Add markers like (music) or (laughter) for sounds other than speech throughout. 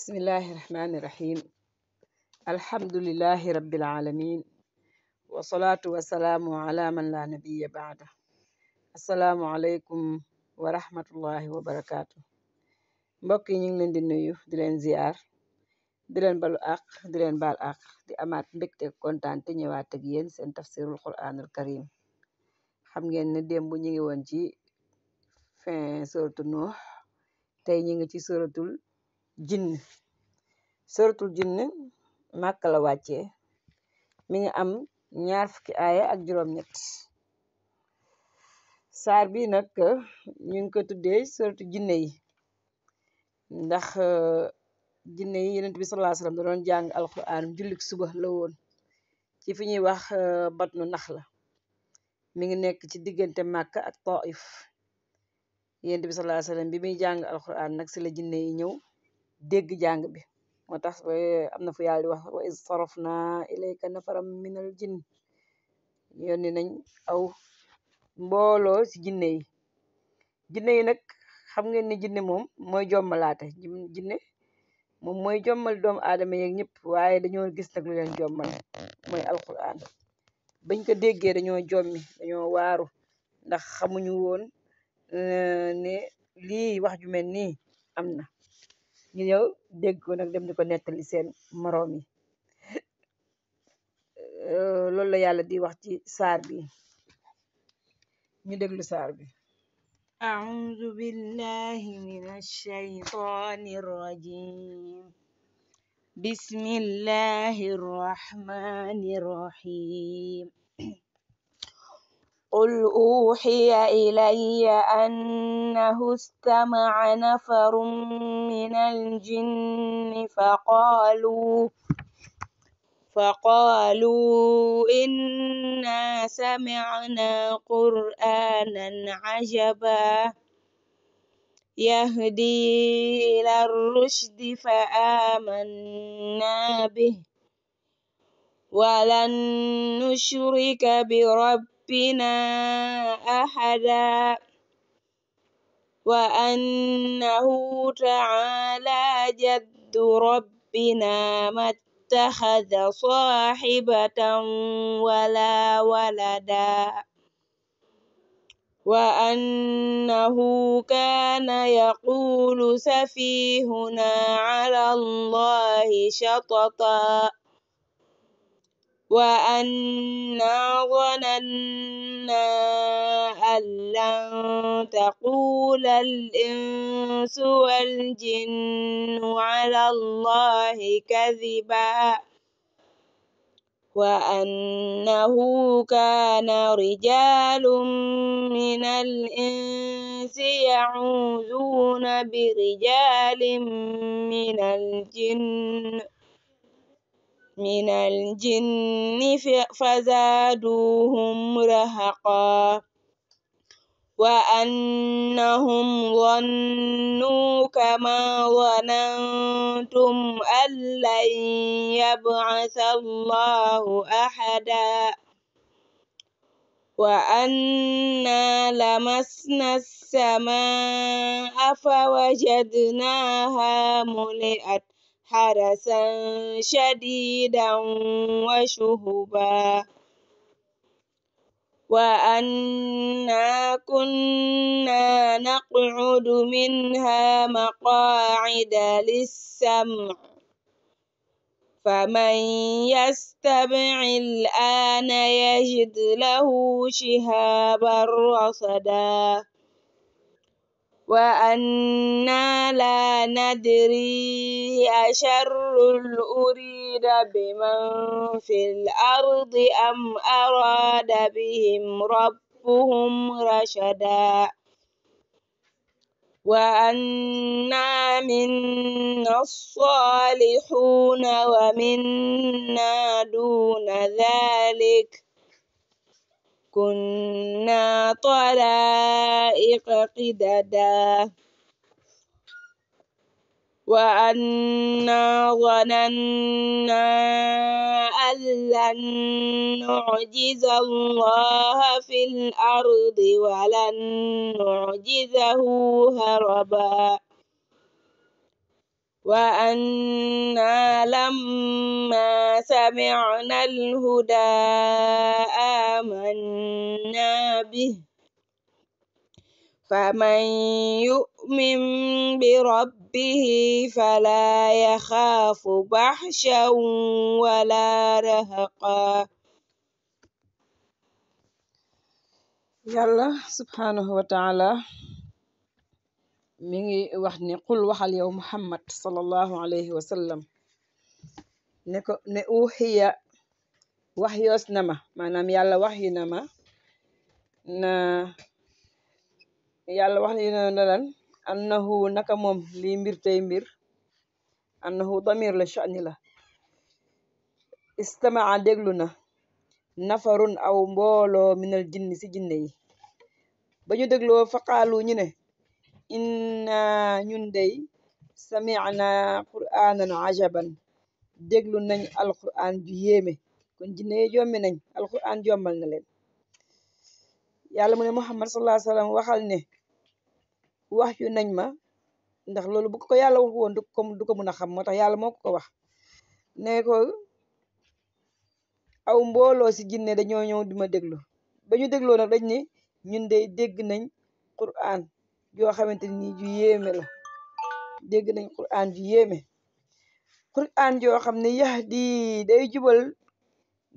bismillahi irahmani irahim alhamdulilahi rabbil alamin wasalaatu wasalaamu ala man la nabiya baada asalaamu aleykum wa rahmatullahi wa barakaatu mbokk yi ñu ngi di nuyu di leen ziar di leen balu àq di leen baal di amaat mbégte kontaan te ñëwaat ak yéen seen tafsirul quranul karim xam ngeen ne démb ñu ngi woon ci fin suratul nuux tey ñu ngi ci suratul jinn suratul jinn màkk la wàccee mi ngi am ñaar fukki aaya ak juróom ñett saar bi nag ñu ngi ko tuddee suratu jinne yi ndax euh, jinne yi yenent bi sallallahu alayhi wasallam da doon jàng alquran jullik suba la woon ci fi ñuy wax euh, batnu nax la mi ngi nekk ci diggante màkk ak taif yenent bi sallallahu alayhi wasallam bi muy jàng alquran nag ci la jinne yi ñëw dégg jàng bi moo tax eh, am na fu yàlla di wax wa iz sarafna ilayka nafaram minal jinn yónni nañ aw mbooloo ci jinne yi jinne yi nag xam ngeen ni jinne moom mooy jommalaate jinne moom mooy jommal doom aadama yeeg ñëpp waaye dañoo gis nag lu leen jommal mooy alquran bañ ko déggee dañoo jommi dañoo waaru ndax xamuñu woon eh, ne lii wax ju mel nii am na ñu ñëw dégg ko nag dem di ko nettali seen moroom yi loolu la yàlla di wax ci saar bi ñu déglu saar bi أعوذ بالله من الشيطان الرجيم بسم الله الرحمن الرحيم قل أوحي إلي أنه استمع نفر من الجن فقالوا فقالوا إنا سمعنا قرآنا عجبا يهدي إلى الرشد فآمنا به ولن نشرك برب ربنا أحدا وأنه تعالى جد ربنا ما اتخذ صاحبة ولا ولدا وأنه كان يقول سفيهنا على الله شططا وأنا ظننا أن لن تقول الإنس والجن على الله كذبا وأنه كان رجال من الإنس يعوذون برجال من الجن من الجن فزادوهم رهقا وأنهم ظنوا كما ظننتم أن لن يبعث الله أحدا وأنا لمسنا السماء فوجدناها ملئت حرسا شديدا وشهبا وأنا كنا نقعد منها مقاعد للسمع فمن يستمع الآن يجد له شهابا رصدا وأنا لا ندري أشر أريد بمن في الأرض أم أراد بهم ربهم رشدا وأنا منا الصالحون ومنا دون ذلك كنا طرائق قددا وأنا ظننا أن لن نعجز الله في الأرض ولن نعجزه هربا وأنا لما سمعنا الهدى آمنا به فمن يؤمن بربه فلا يخاف بحشا ولا رهقا يلا سبحانه وتعالى mi ngi wax ne qul waxal yow muhammad sallallahu alayhi wa sallam ne ko ne uxiya wax yoos na ma maanaam yàlla wax yi ma na yàlla wax yi na na lan annahu naka moom lii mbir tey mbir annahu damir la sha'ni la istamaa déglu na nafarun aw mbooloo minal jinni si jinne yi ba ñu dégloo faqaalu ñu ne inna ñun dey sami'na qur'aanan ajaban déglu nañ alquran ju yéeme kon jineye jommi nañ alquran jombal na leen yàlla mu ne muhammad sallallahu alayhi waxal ne wax yu nañ ma ndax loolu bu ko yàlla wax woon du ko du mën a xam moo tax yàlla moo ko ko wax ne aw mbooloo si jinne dañoo ñëw dima ma déglu ba ñu dégloo nag ñun dey dégg nañ qur'an yoo xamante ni ju yéeme la dégg nañ Qur'an ju yéeme Qur'an joo xam ne yahdi day jubal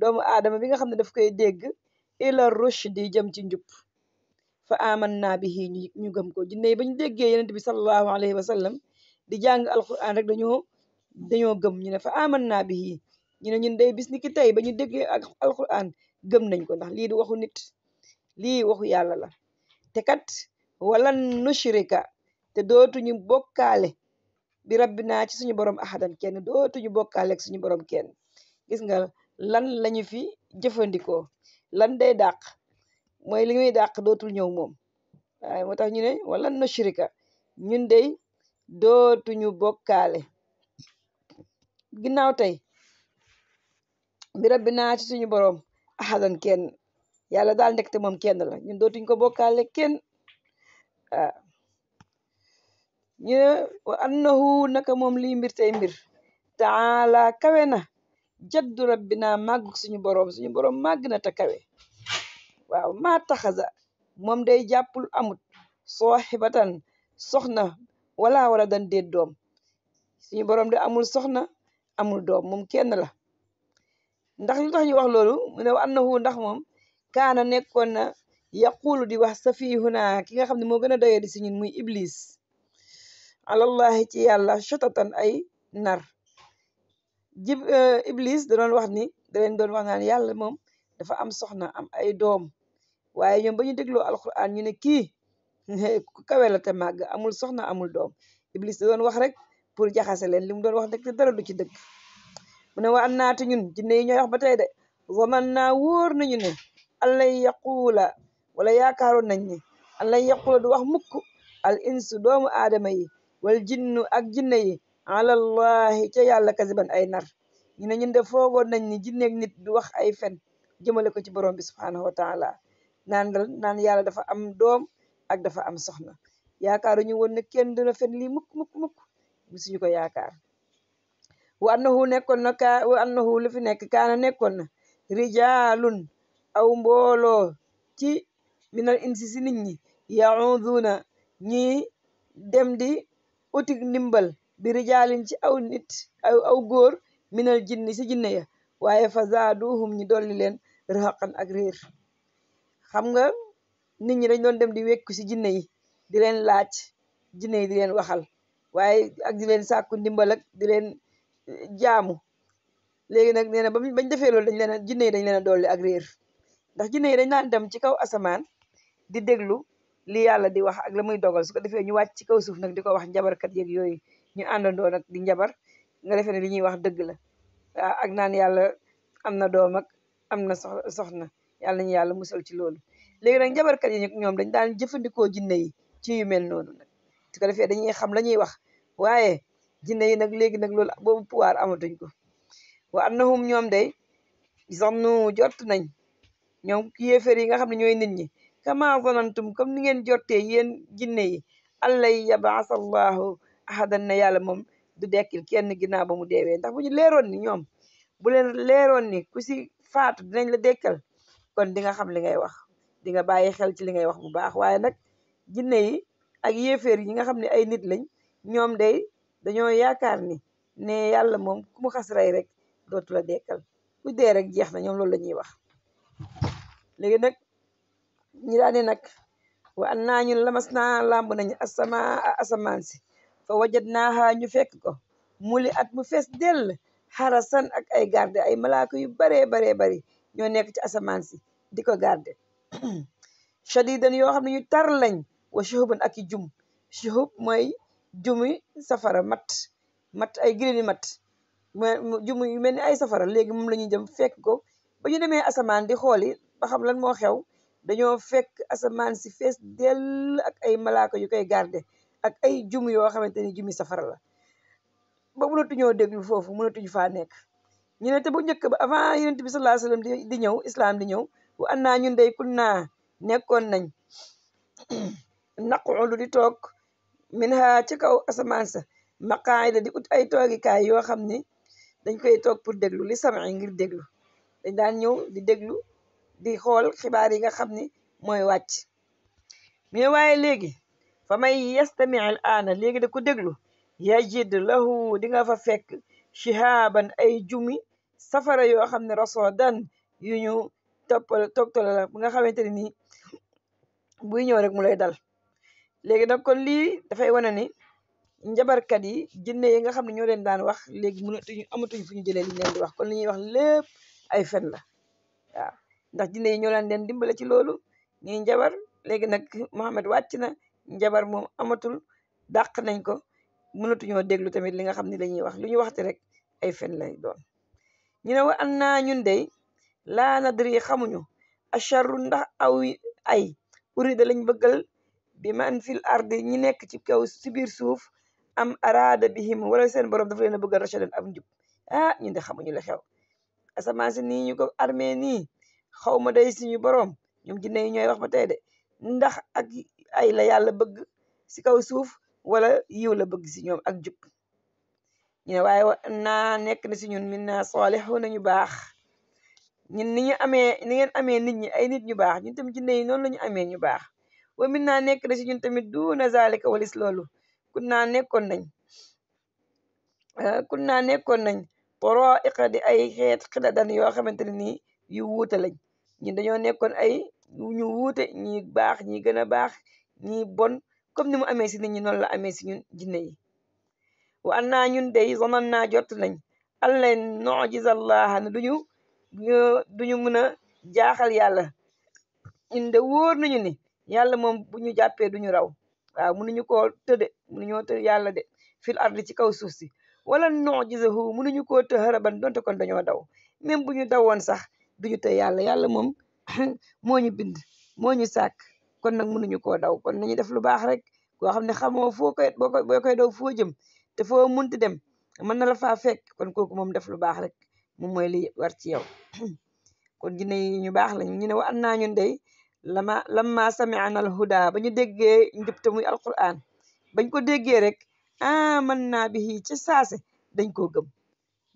doomu aadama bi nga xam ne daf koy dégg ila di jëm ci njub fa aman naa bihi ñu gëm ko jinne yi ba ñu déggee yenent bi sallallahu alayhi wa sallam di jàng alquran rek dañoo dañoo gëm ñu ne fa aman naa bihi ñu ne ñun day bis ni ki tey ba ñu déggee ak alquran gëm nañ ko ndax lii di waxu nit lii waxu yàlla la te kat wala nushrika te dootuñu bokkaale bi rabbinaa ci suñu borom ahadan kenn dootuñu bokkaale ak suñu borom kenn gis nga lan lañu fi jëfandikoo lan day dàq mooy li muy dàq dootul ñëw moom waaye moo tax ñu ne wala nushrika ñun dey dootuñu bokkaale ginnaaw tey bi rabbinaa ci suñu borom ahadan kenn yàlla daal ndekte moom kenn la ñun dootuñ ko bokkaale kenn waaw ñu ne wa annahu naka moom li mbir tey mbir taala kawe na jaddu rabbina màgg suñu boroom suñu boroom màgg na te kawe waaw maa taxaza moom day jàppul amut sooxibatan soxna wala wala dan déet doom suñu boroom de amul soxna amul doom moom kenn la ndax tax ñu wax loolu mu ne wa annahu ndax moom kaana nekkoon yaqulu di wax huna ki nga xam mo gëna doye di suñu muy iblis allah ci yalla shatatan ay nar jib eh, iblis da doon wax ni da len doon wax naan yalla mom dafa am soxna am ay dom waye ñom bañu deglu alquran ñu ne ki ku kawe la te mag amul soxna amul dom iblis da doon wax rek pour jaxase len limu doon wax rek te dara du ci deug mu wa an ñun jinne yi wax batay de waman wor nañu ne allay yaqula wala yaakaaroon nañ ni allan yaqula du wax mukk al insu doomu aadama yi wala jinnu ak jinne yi alallahi ca yàlla kasiban ay nar ñu ne ñun de foogoon nañ ni jinneeg nit du wax ay fen jëmale ko ci borom bi subhaanahu wa taala dal naan yàlla dafa am doom ak dafa am soxna yaakaaru ñu woon ne kenn dina fen lii ko yaakaar wa annahu nekkoon na kaa wa annahu lu fi nekk kaana nekkoon na rijaalun aw mbooloo ci minal insi si nit ñi yauduna ñi dem di utik ndimbal bi rijaalin ci aw nit aw aw góor minal jinni si jinne ya waaye fa zaaduhum ñi dolli leen rëxaqan ak xam nga nit ñi dañ doon dem di wekku si jinne yi di leen laaj jinne yi di leen waxal waaye ak di leen sàkku ndimbal ak di leen eh, jaamu léegi nag nee na bañ defee loolu dañ leen a dañ leen a dolli ak ndax jinne yi dañ naan dem ci kaw asamaan di déglu li yàlla di wax ak la muy dogal su ko defee ñu wàcc ci kaw suuf nag di ko wax njabarkat yeeg yooyu ñu àndandoo nag di njabar nga defee ne li ñuy wax dëgg la waaw ah, ak naan yàlla am na doom ak am na sox soxna yàlla nañu yàlla musal ci loolu léegi nag njabarkat yi ñoom dañ daan jëfandikoo jinne yi ci yu mel noonu nag su ko defee dañuy xam la ñuy wax waaye jinne yi nag léegi nag loolu boobu pouvoir amatuñ ko wa annahum ñoom day zannu jot nañ ñoom yéeféer yi nga xam ne ñooy nit ñi kama zanantum comme ni ngeen jortee yéen jinne yi allay yabaasa allahu ahadan na yàlla moom du dekkil kenn ginnaaw ba mu deewee ndax bu ñu leeroon ni ñoom bu leen leeroon ni ku si faatu dinañ la dekkal kon di nga xam li ngay wax di bàyyi xel ci li ngay wax bu baax waaye nag jinne yi ak yéeféer yi nga xam ne ay nit lañ ñoom day dañoo yaakaar ni ne yàlla moom ku mu xas rey rek dootu la dekkal ku dee rek jeex na ñoom loolu la ñuy wax léegi ñu daal di nag wa an naa ñun lamas naa làmb nañu asama asamaan si fa wajat naaha ñu fekk ko mu muli at mu fes dell xarasan ak ay garde ay malaaka yu baree baree bari ñoo nekk ci asamaan si di ko garde (clears throat) shadidan yoo xam ne ñu tar lañ wa shuhuban ak i jum shuhub mooy jumi safara mat mat ay girini mat jumu yu mel ni ay safara léegi moom la ñuy jëm fekk ko ba ñu demee asamaan di xooli ba xam lan moo xew dañoo fekk asamaan si fees mm. dell ak ay malaaka yu koy garde ak ay jum yoo xamante ni jumi safara la ba mënatuñoo déglu foofu mënatuñu faa nekk ñu ne te bu njëkk ba avant yonent bi sallallahu alayhi wasallam di ñëw islam di ñëw bu an naa ñun day kun naa nekkoon nañ (clears throat) naqudu di toog min ha ci kaw asamaan sa maqaayida di ut ay toogikaay yoo xam ni dañ koy toog pour déglu li sam'i ngir déglu dañ daan ñëw di déglu di xol xibaar yi nga xamni moy wàcc mi waaye legi famay yastami al aana léegi da ko déglu yajid lahu di nga fa fek shihaban ay jumi safara yo xamni rasulan yu ñu toppal togtala la nga xamanteni ni bu ñëw rek mu lay dal legi nak kon li da fay wone ni njabar kat yi jinne yi nga xamni ñoo leen daan wax legi mënatuñu amatuñ fuñu jëlé li ñu leen di wax kon li ñuy wax lépp ay fen la waaw ndax jinne yi ñoo laan leen dimbale ci loolu nii njabar léegi nag Mohamed wàcc na njabar moom amatul daq nañ ko mënatuñoo déglu tamit li nga xam ne lañuy wax lu ñu waxti rek ay fen lay doon ñu ne wa an naa ñun dey laa nadri xamuñu acharru ndax aw ay urida lañ bëggal bi man fil ardi ñi nekk ci kaw si biir suuf am araada bihim wala seen borom dafa leen a bëggal rachadan ab njub ah ñun de xamuñu la xew asamaan si ñu ko armee xawma ma day suñu boroom ñoom jinne yi ñooy wax ba tey de ndax ak ay la yàlla bëgg si kaw suuf wala yiw la bëgg si ñoom ak jub ñu ne waaye naa nekk si ñun min naa soolexu nañu baax ñun ni ñu amee ni ngeen amee nit ñi ay nit ñu baax ñun tamit jinne yi noonu la ñu amee ñu baax wa min nekk si ñun tamit duuna zalika walis loolu kun naa nekkoon nañ ah, kun naa nekkoon nañ poro iqa di ay xeet xidadan yoo xamante ne nii yu wuute lañ ñi dañoo nekkoon ay ñu wuute ñi baax ñi gën a baax ñi bon comme ni mu amee si nit ñi noonu la amee si ñun jinne yi wa an naa ñun day zonan naa jot nañ allan nujizallaha ne duñu duñu mën a jaaxal yàlla ñun de wóor nañu ni yàlla moom bu ñu jàppee duñu raw waaw mënuñu koo tëdde mënuñoo tëdd yàlla de fil ardi ci kaw suuf si wala nujizahu mënuñu ko të haraban donte kon dañoo daw même bu ñu dawoon sax duñu tey yàlla yàlla moom (clears throat) moo ñu bind moo ñu sàkk kon nag mënuñu koo daw kon nañu def lu baax rek koo xam ne xamoo foo koy boo koy boo koy daw foo jëm te foo munti dem mën na la faa fekk kon kooku moom def lu baax rek moom mooy li war ci yow (clears throat) kon jinne yi ñu baax lañ ñu ne wa an naa ñun dey lama lamma sami'ana al huda ba ñu déggee njub te muy alquran bañ ko déggee rek aman naa bihi ci saase dañ koo gëm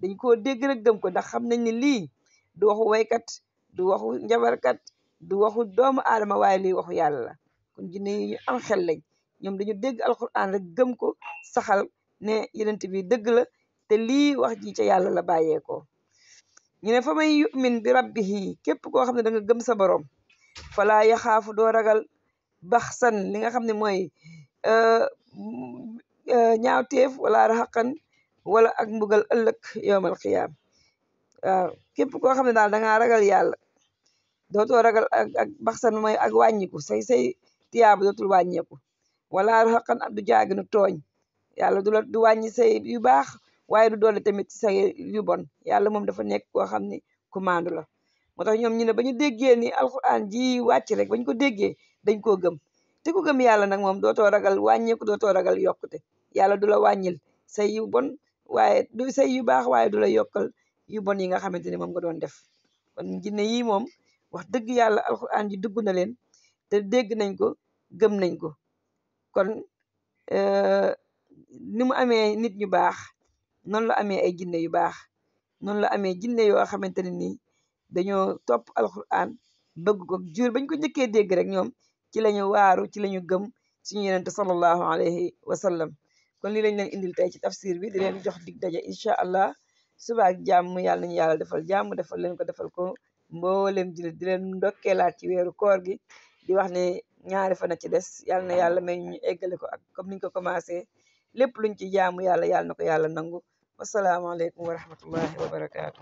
dañ koo dégg rek gëm ko ndax xam nañ ne lii du waxu waykat du waxu njabarkat du waxu doomu aadama waaye lii waxu yàlla la kon jinne yi ñu am xel lañ ñoom dañu dégg alquran rek gëm ko saxal ne yenent bi dëgg la te lii wax ji ca yàlla la bàyyeekoo ñu ne fa may yumin bi rabbihi képp koo xam ne da gëm sa borom falaa yaxaafu doo ragal baxsan li nga xam ne mooy euh, euh, ñaawteef wala raxaqan wala ak mbugal ëllëg yowmal qiyaam waaw képp koo xam ne daal dangaa ragal yàlla dootoo ragal ak ak baxsan mooy ak wàññiku say say tiyaaba dootul wàññeeku wala xaqan du jaaginu tooñ yàlla du la du wàññi say yu baax waaye du doole tamit ci say yu bon yàlla moom dafa nekk koo xam ne commande la moo tax ñoom ñu ne ba ñu déggee ni alquran ji wàcc rek ba ñu ko déggee dañ koo gëm te ku gëm yàlla nag moom dootoo ragal wàññeeku dootoo ragal yokkute yàlla du la wàññil say yu bon waaye du yu baax waaye du la yokkal yu bon yi nga xamante ni moom nga doon def kon jinne yi moom wax dëgg yàlla alxuraan ji dugg na leen te dégg nañ ko gëm nañ ko kon euh, ni mu amee nit ñu baax noonu la amee ay jinne yu baax noonu la amee jinne yoo xamante ne nii dañoo topp alxuraan bëgg ko jur bañ ko njëkkee dégg rek ñoom ci lañu waaru ci lañu gëm suñu yenente sallallahu alayhi wa sallam kon lii lañ leen indil tey ci tafsir bi di leen jox dig daje incha allah suba ak jàmm yàlla nañu yàlla defal jàmm defal leen ko defal ko mboolem jullit di leen ndokkeelaat ci weeru koor gi di wax ne ñaari fan a ci des yàlla na yàlla may ñu eggale ko ak comme niñ ko commencé lépp luñ ci jaamu yàlla yàlla na ko yàlla nangu wasalaamaaleykum wa rahmatullahi wa barakaatu.